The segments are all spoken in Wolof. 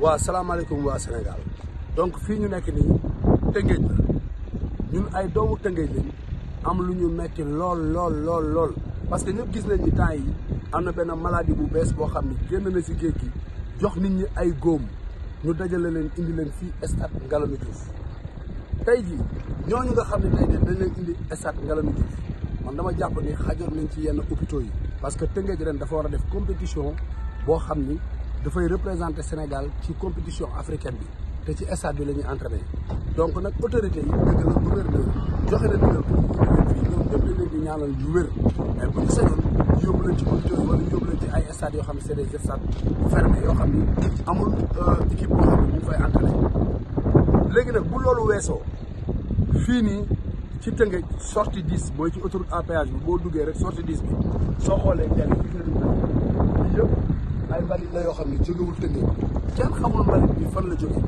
waa salaamaaleykum waa Sénégal donc fii ñu nekk nii tëngéej la ñun ay doomu tëngéej lañ am lu ñu metti lool lool lool lool parce que ñëpp gis nañ ni temps yi am na benn maladie bu bees boo xam ni génn na si géej gi jox nit ñi ay góom ñu dajale leen indi leen fii stade Ngalandou Diouf tey jii ñooñu nga xam ne tey dañ leen indi stade Ngalandou Diouf man dama jàpp ni xajoon nañ ci yenn hôpitaux yi parce que tëngéej ren dafa war a def compétition boo xam ni dafay représenter Sénégal ci compétition africaine bi te ci stade bi la ñuy donc nag autorité yi dëgg la gouverneur joxe na digal pour ñu leen bu ñu sañoon yóbbu leen ci ay stades yoo xam ne c'est des stades fermés yoo xam ni amul euh, équipe boo xam fay entraîné léegi nag bu loolu weesoo fii nii ci tënge sortie 10 booy ci autoroute à bi boo duggee rek sortie 10 bi soo xoolee kenn gis nañu yëpp. ay mbalit la yoo xam ne jógewul tëngee kenn xamul mbalit bi fan la jógee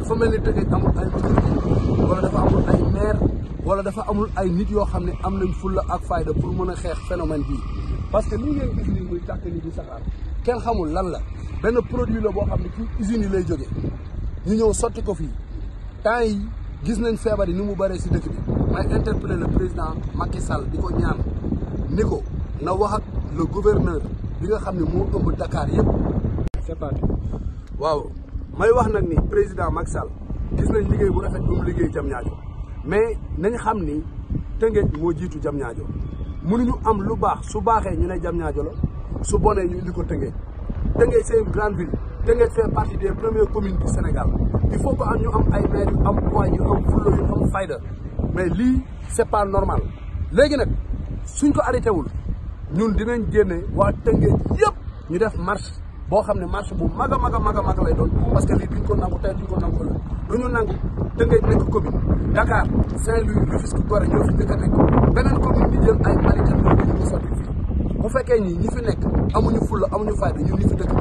dafa mel ni tëngee amul ay autorité wala dafa amul ay maire wala dafa amul ay nit yoo xam ne am nañ fulla ak fayda pour mën a xeex phénomène bii parce que li ngeen gis nii muy tàkk ni di saxaar kenn xamul lan la benn produit la boo xam ne ci usines yi lay jógee ñu ñëw sotti ko fii temps yi gis nañ feebar yi ni mu bëree si dëkk bi may interpeller le président Macky Sall di ko ñaan ni ko na wax ak le gouverneur bi nga xam ne moo ëmb Dakar yëpp. waaw may wax nag ni président Macky Sall gis nañ liggéey bu rafet bu mu liggéey Diamniadio mais nañ xam ni Tëngéej moo jiitu jam Diamniadio mënuñu am lu baax su baaxee ñu ne jam ñaajo la su bonee ñu indi ko Tëngéej Tëngéej c'est une grande ville Tëngéej fait partie des premières communes Sénégal il faut que am ñu am ay maire am poids yu am fulla yu am fayda mais lii c'est pas normal léegi nag suñ ko arrêté wul. ñun dinañ génne waa Tëngéej yëpp ñu def marche boo xam ne marche bu mag a mag a mag a mag lay doon parce que lii duñ ko nangu tey duñ ko nangu ëllëg du ñu nangu Tëngéej nekk commune Dakar Saint-Louis Rufisque Gorée ñoo fi njëkk a nekk beneen commune di jël ay malitam ko sotti fii bu fekkee ñi ñi fi nekk amuñu fulla amuñu fayda ñun ñi fi dëkk